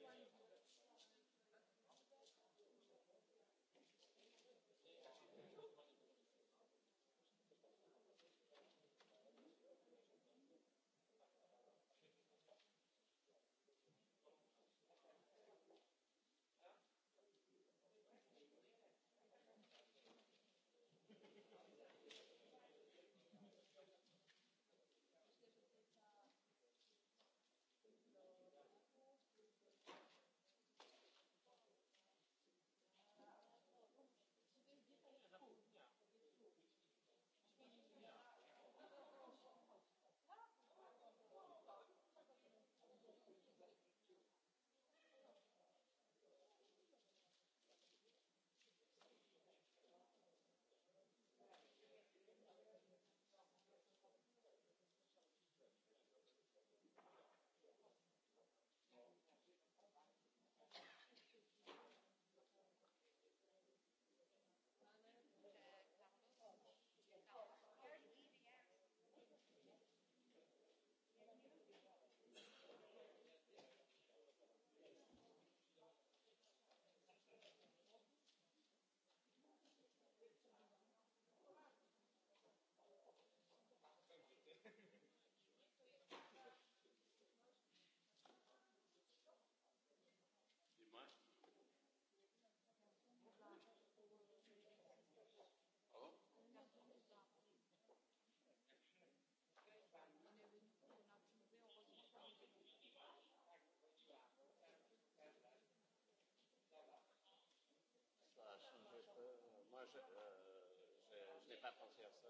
Thank you. je n'ai pas pensé à ça.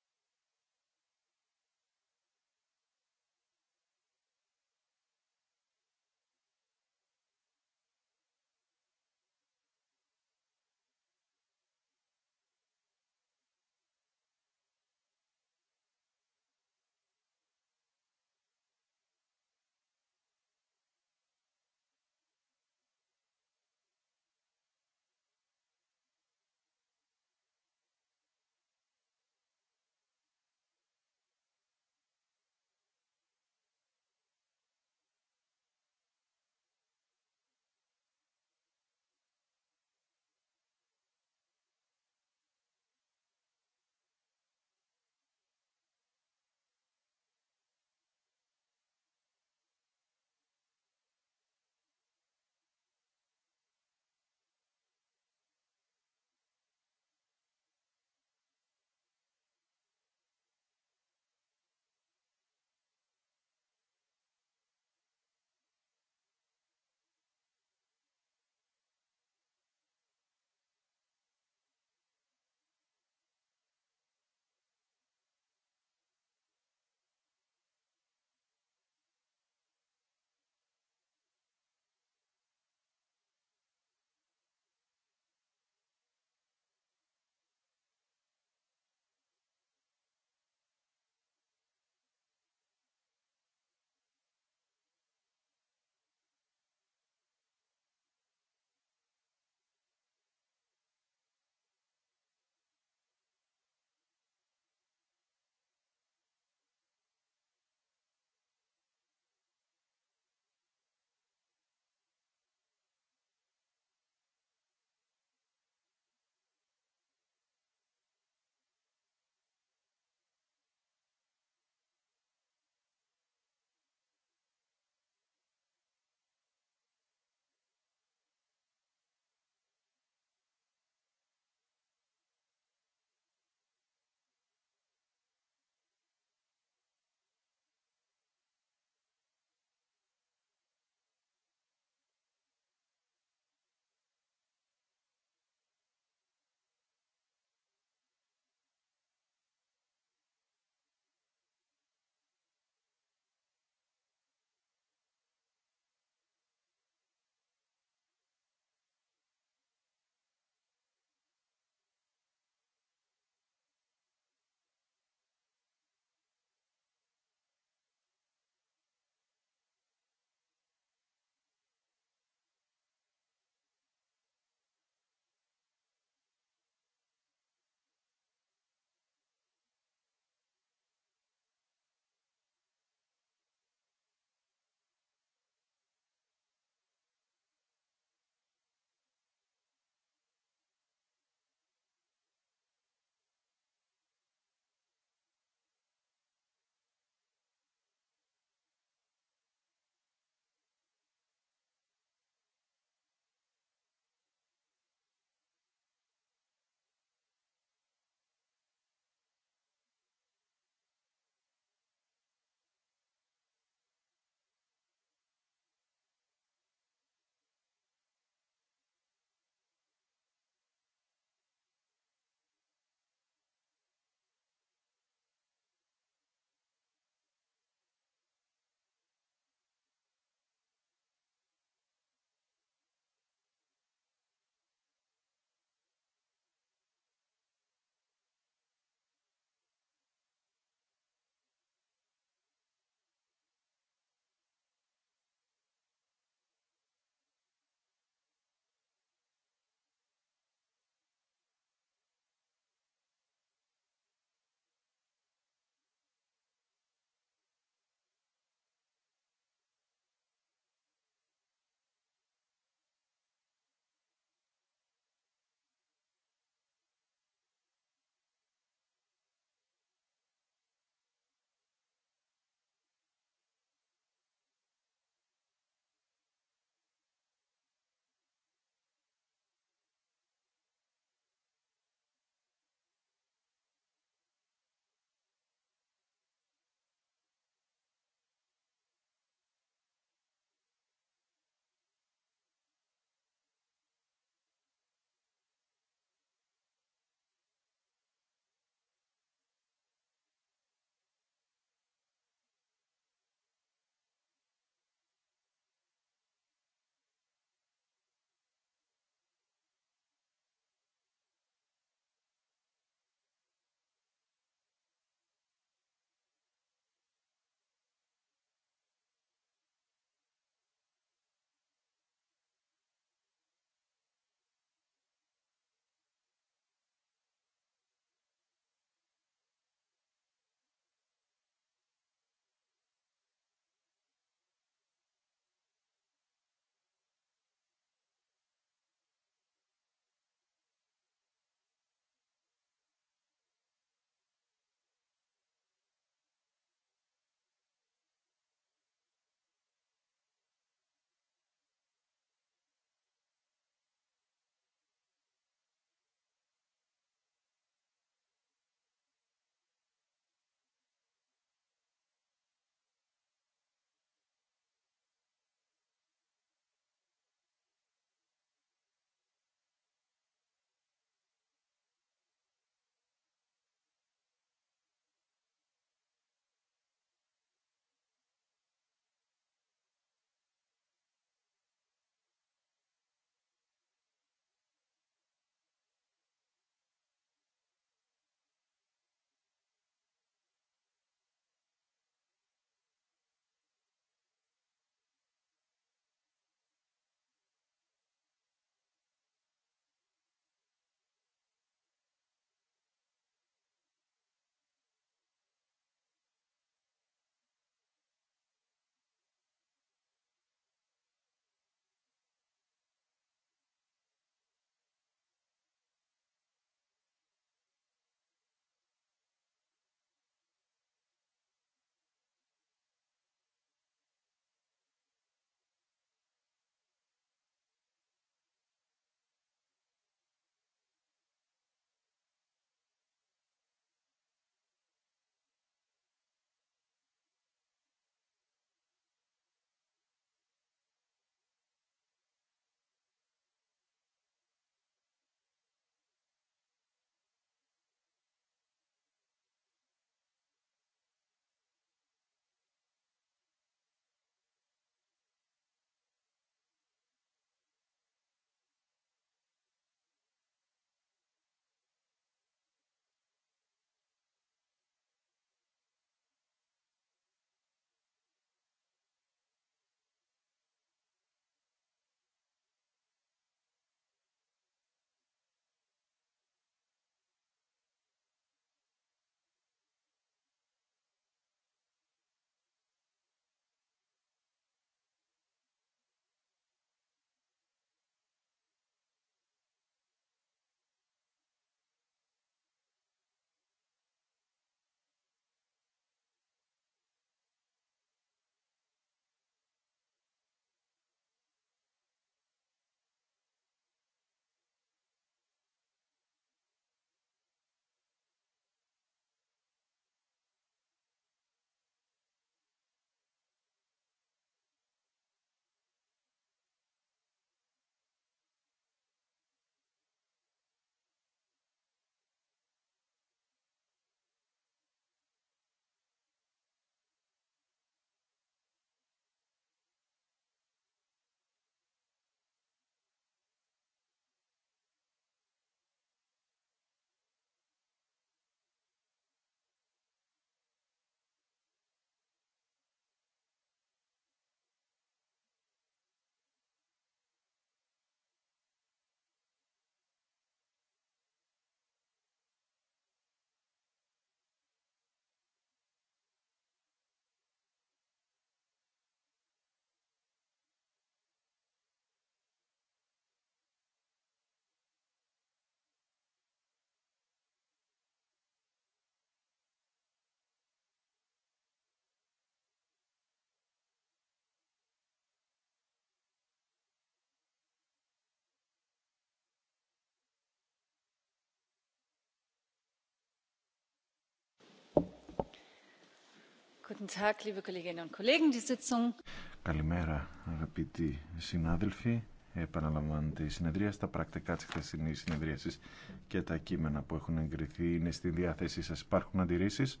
Καλημέρα αγαπητοί συνάδελφοι. Επαναλαμβάνεται η συνεδρία στα πρακτικά της χθεσινής συνεδρίασης και τα κείμενα που έχουν εγκριθεί είναι στη διάθεσή σας. Υπάρχουν αντιρρήσεις.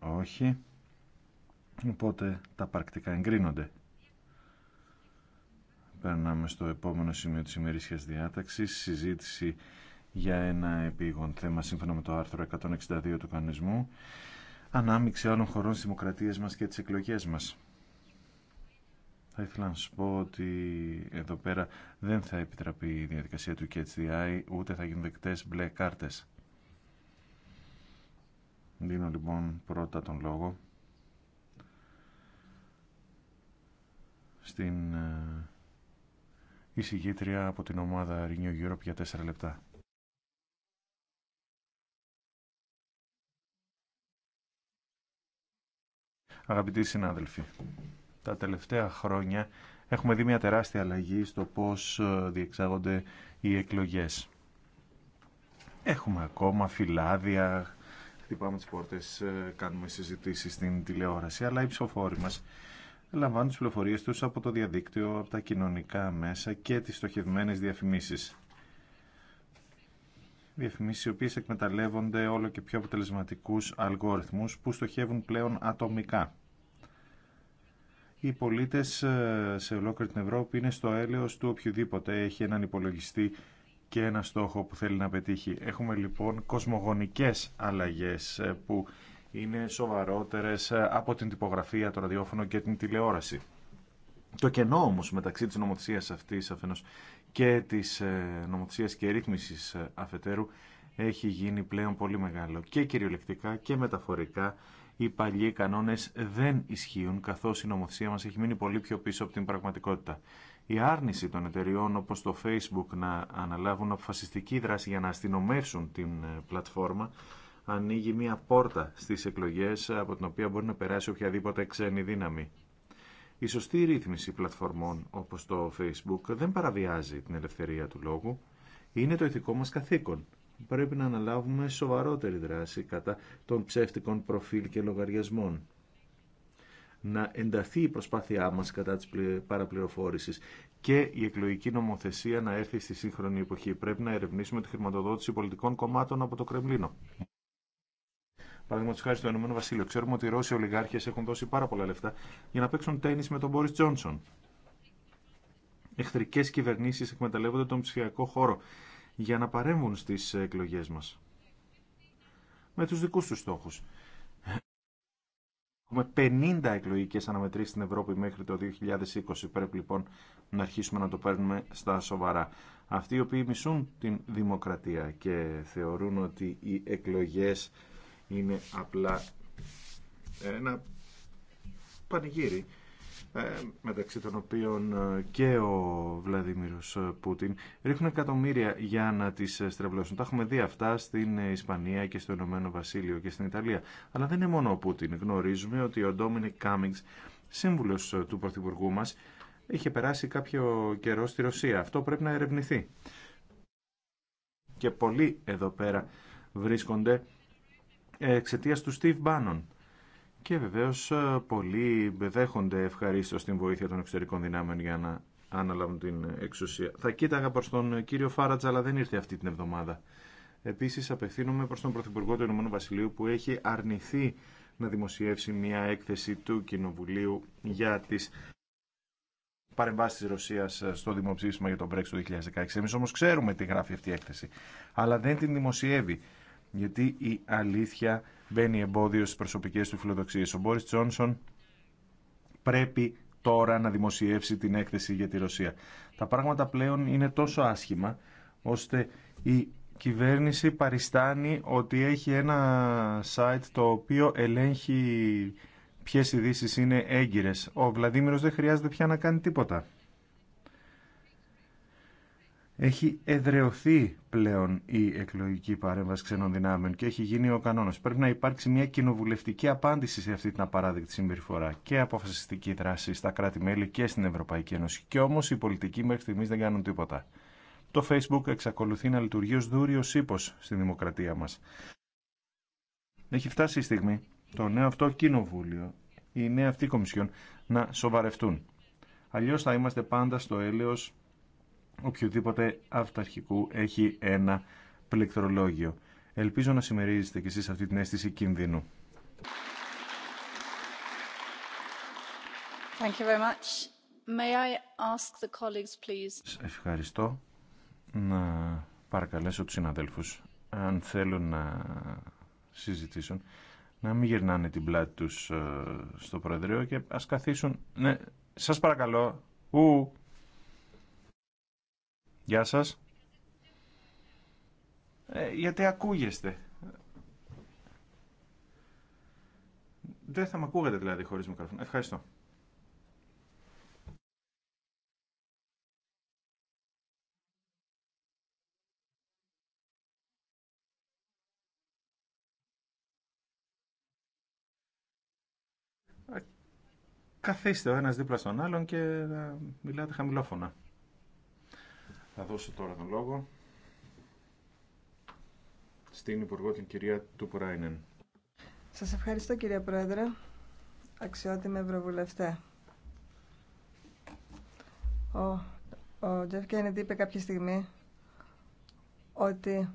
Όχι. Οπότε τα πρακτικά εγκρίνονται. Περνάμε στο επόμενο σημείο της ημερήσιας διάταξης. Συζήτηση για ένα επίγον θέμα σύμφωνα με το άρθρο 162 του κανονισμού ανάμειξη άλλων χωρών στις δημοκρατίες μας και τις εκλογές μας. Θα ήθελα να σου πω ότι εδώ πέρα δεν θα επιτραπεί η διαδικασία του KHDI, ούτε θα γίνουν δεκτές μπλε κάρτες. Δίνω λοιπόν πρώτα τον λόγο στην ε, εισηγήτρια από την ομάδα Renew Europe για τέσσερα λεπτά. Αγαπητοί συνάδελφοι, τα τελευταία χρόνια έχουμε δει μια τεράστια αλλαγή στο πώς ε, διεξάγονται οι εκλογές. Έχουμε ακόμα φυλάδια, χτυπάμε τις πόρτες, ε, κάνουμε συζητήσεις στην τηλεόραση, αλλά οι ψηφοφόροι μας λαμβάνουν τις πληροφορίες τους από το διαδίκτυο, από τα κοινωνικά μέσα και τις στοχευμένες διαφημίσεις διαφημίσεις οι οποίες εκμεταλλεύονται όλο και πιο αποτελεσματικούς αλγόριθμους που στοχεύουν πλέον ατομικά. Οι πολίτες ε, σε ολόκληρη την Ευρώπη είναι στο έλεος του οποιοδήποτε έχει έναν υπολογιστή και ένα στόχο που θέλει να πετύχει. Έχουμε λοιπόν κοσμογονικές αλλαγές ε, που είναι σοβαρότερες ε, από την τυπογραφία, το ραδιόφωνο και την τηλεόραση. Το κενό όμω μεταξύ τη νομοθεσία αυτή αφενό και της ε, νομοθεσία και ρυθμίση ε, αφετέρου έχει γίνει πλέον πολύ μεγάλο και κυριολεκτικά και μεταφορικά οι παλιοί κανόνε δεν ισχύουν καθώ η νομοθεσία μα έχει μείνει πολύ πιο πίσω από την πραγματικότητα. Η άρνηση των εταιριών όπω το Facebook να αναλάβουν αποφασιστική δράση για να αστυνομεύσουν την ε, πλατφόρμα ανοίγει μια πόρτα στις εκλογές από την οποία μπορεί να περάσει οποιαδήποτε ξένη δύναμη. Η σωστή ρύθμιση πλατφορμών όπως το Facebook δεν παραβιάζει την ελευθερία του λόγου. Είναι το ηθικό μας καθήκον. Πρέπει να αναλάβουμε σοβαρότερη δράση κατά των ψεύτικων προφίλ και λογαριασμών. Να ενταθεί η προσπάθειά μας κατά της παραπληροφόρησης και η εκλογική νομοθεσία να έρθει στη σύγχρονη εποχή. Πρέπει να ερευνήσουμε τη χρηματοδότηση πολιτικών κομμάτων από το Κρεμλίνο. Παραδείγματο χάρη στο Ηνωμένο Βασίλειο. Ξέρουμε ότι οι Ρώσοι ολιγάρχε έχουν δώσει πάρα πολλά λεφτά για να παίξουν τέννη με τον Μπόρι Τζόνσον. Εχθρικέ κυβερνήσει εκμεταλλεύονται τον ψηφιακό χώρο για να παρέμβουν στι εκλογέ μα. Με του δικού του στόχου. Έχουμε 50 εκλογικέ αναμετρήσει στην Ευρώπη μέχρι το 2020. Πρέπει λοιπόν να αρχίσουμε να το παίρνουμε στα σοβαρά. Αυτοί οι οποίοι μισούν την δημοκρατία και θεωρούν ότι οι εκλογές είναι απλά ένα πανηγύρι ε, μεταξύ των οποίων ε, και ο Βλαδίμιρος ε, Πούτιν ρίχνουν εκατομμύρια για να τις στρεβλώσουν. Τα έχουμε δει αυτά στην Ισπανία και στο Ηνωμένο Βασίλειο και στην Ιταλία. Αλλά δεν είναι μόνο ο Πούτιν. Γνωρίζουμε ότι ο Ντόμινικ Κάμιγκς, σύμβουλος του Πρωθυπουργού μας, είχε περάσει κάποιο καιρό στη Ρωσία. Αυτό πρέπει να ερευνηθεί. Και πολλοί εδώ πέρα βρίσκονται Εξαιτία του Steve Bannon. Και βεβαίω, ε, πολλοί δέχονται ευχαριστώ την βοήθεια των εξωτερικών δυνάμεων για να αναλάβουν την εξουσία. Θα κοίταγα προ τον κύριο Φάρατζ, αλλά δεν ήρθε αυτή την εβδομάδα. Επίση, απευθύνομαι προ τον Πρωθυπουργό του Ηνωμένου Βασιλείου που έχει αρνηθεί να δημοσιεύσει μια έκθεση του Κοινοβουλίου για τι παρεμβάσει τη Ρωσία στο δημοψήφισμα για τον Brexit του 2016. Εμεί όμω ξέρουμε τι γράφει αυτή η έκθεση, αλλά δεν την δημοσιεύει γιατί η αλήθεια μπαίνει εμπόδιο στις προσωπικές του φιλοδοξίες. Ο Μπόρις Τζόνσον πρέπει τώρα να δημοσιεύσει την έκθεση για τη Ρωσία. Τα πράγματα πλέον είναι τόσο άσχημα, ώστε η κυβέρνηση παριστάνει ότι έχει ένα site το οποίο ελέγχει ποιες ειδήσει είναι έγκυρες. Ο Βλαδίμηρος δεν χρειάζεται πια να κάνει τίποτα έχει εδρεωθεί πλέον η εκλογική παρέμβαση ξένων δυνάμεων και έχει γίνει ο κανόνα. Πρέπει να υπάρξει μια κοινοβουλευτική απάντηση σε αυτή την απαράδεκτη συμπεριφορά και αποφασιστική δράση στα κράτη-μέλη και στην Ευρωπαϊκή Ένωση. Κι όμω οι πολιτικοί μέχρι στιγμή δεν κάνουν τίποτα. Το Facebook εξακολουθεί να λειτουργεί ω δούριο ύπο στη δημοκρατία μα. Έχει φτάσει η στιγμή το νέο αυτό κοινοβούλιο, η νέα αυτή κομισιόν να σοβαρευτούν. Αλλιώ θα είμαστε πάντα στο έλεος οποιοδήποτε αυταρχικού έχει ένα πληκτρολόγιο. Ελπίζω να συμμερίζετε κι εσείς αυτή την αίσθηση κινδύνου. Thank you very Ευχαριστώ. Να παρακαλέσω τους συναδέλφους, αν θέλουν να συζητήσουν, να μην γυρνάνε την πλάτη τους ε, στο Προεδρείο και ας καθίσουν... Ναι, σας παρακαλώ. Ου, Γεια σας. Ε, γιατί ακούγεστε. Δεν θα με ακούγατε δηλαδή χωρίς μικρόφωνο. Ευχαριστώ. Ε, καθίστε ο ένας δίπλα στον άλλον και μιλάτε χαμηλόφωνα. Θα δώσω τώρα τον λόγο στην Υπουργό την κυρία Τουπουράινεν. Σας ευχαριστώ κύριε Πρόεδρε, αξιότιμη Ευρωβουλευτέ. Ο, ο Τζεφ Κέννιντ είπε κάποια στιγμή ότι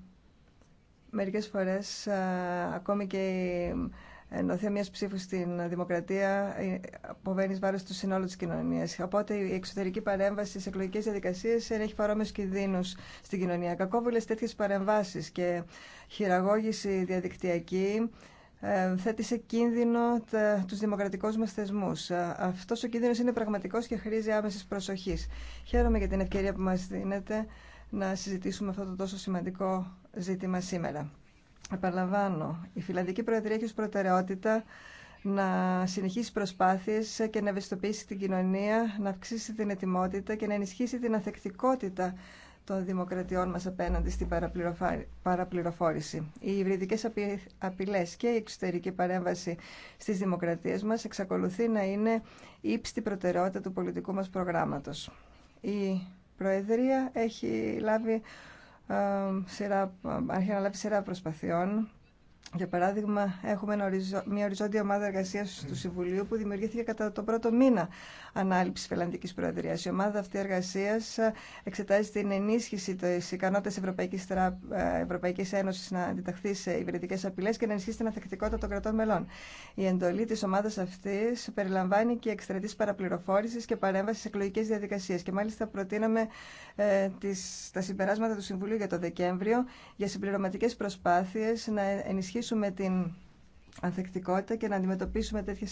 μερικές φορές α, ε, ακόμη και οι ενωθεί μια ψήφου στην δημοκρατία ε, αποβαίνει βάρο του συνόλου τη κοινωνία. Οπότε η εξωτερική παρέμβαση σε εκλογικέ διαδικασίε έχει παρόμοιου κινδύνου στην κοινωνία. Κακόβουλε τέτοιε παρεμβάσει και χειραγώγηση διαδικτυακή ε, θέτει σε κίνδυνο τους δημοκρατικούς μας θεσμούς. Ε, αυτός ο κίνδυνος είναι πραγματικός και χρήζει άμεσης προσοχής. Χαίρομαι για την ευκαιρία που μας δίνετε να συζητήσουμε αυτό το τόσο σημαντικό ζήτημα σήμερα. Επαναλαμβάνω, η Φιλανδική Προεδρία έχει ως προτεραιότητα να συνεχίσει προσπάθειες και να ευαισθητοποιήσει την κοινωνία, να αυξήσει την ετοιμότητα και να ενισχύσει την αθεκτικότητα των δημοκρατιών μας απέναντι στην παραπληροφόρηση. Οι υβριδικές απειλές και η εξωτερική παρέμβαση στις δημοκρατίες μας εξακολουθεί να είναι ύψτη προτεραιότητα του πολιτικού μας προγράμματος. Η Προεδρία έχει λάβει ε, σειρά, έχει ε, αναλάβει σειρά προσπαθειών για παράδειγμα, έχουμε μια οριζόντια ομάδα εργασία του Συμβουλίου που δημιουργήθηκε κατά τον πρώτο μήνα ανάληψη Φιλανδική Προεδρία. Η ομάδα αυτή εργασία ε, εξετάζει την ενίσχυση τη ικανότητα Ευρωπαϊκή Ευρωπαϊκής ε, Ένωση να αντιταχθεί σε υβριδικέ απειλέ και να ενισχύσει την ανθεκτικότητα των κρατών μελών. Η εντολή τη ομάδα αυτή περιλαμβάνει και εξτρατή παραπληροφόρηση και παρέμβαση σε εκλογικέ διαδικασίε. Και μάλιστα προτείναμε ε, τις, τα συμπεράσματα του Συμβουλίου για το Δεκέμβριο για συμπληρωματικέ προσπάθειε να ενισχύσει αντιμετωπίσουμε την ανθεκτικότητα και να αντιμετωπίσουμε τέτοιε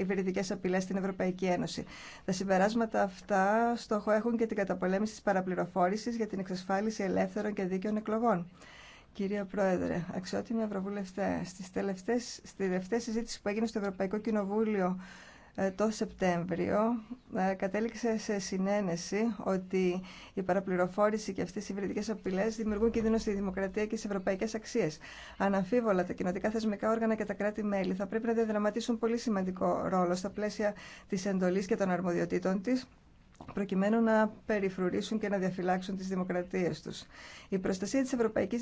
υβεριδικέ απειλέ στην Ευρωπαϊκή Ένωση. Τα συμπεράσματα αυτά στόχο έχουν και την καταπολέμηση τη παραπληροφόρηση για την εξασφάλιση ελεύθερων και δίκαιων εκλογών. Κυρία Πρόεδρε, αξιότιμοι Ευρωβουλευτέ, στη τελευταία συζήτηση που έγινε στο Ευρωπαϊκό Κοινοβούλιο ε, το Σεπτέμβριο ε, κατέληξε σε συνένεση ότι η παραπληροφόρηση και αυτές οι υβριδικές απειλές δημιουργούν κίνδυνο στη δημοκρατία και στις ευρωπαϊκές αξίες. Αναμφίβολα, τα κοινοτικά θεσμικά όργανα και τα κράτη-μέλη θα πρέπει να διαδραματίσουν πολύ σημαντικό ρόλο στα πλαίσια της εντολής και των αρμοδιοτήτων της προκειμένου να περιφρουρήσουν και να διαφυλάξουν τις δημοκρατίες τους. Η προστασία της ευρωπαϊκής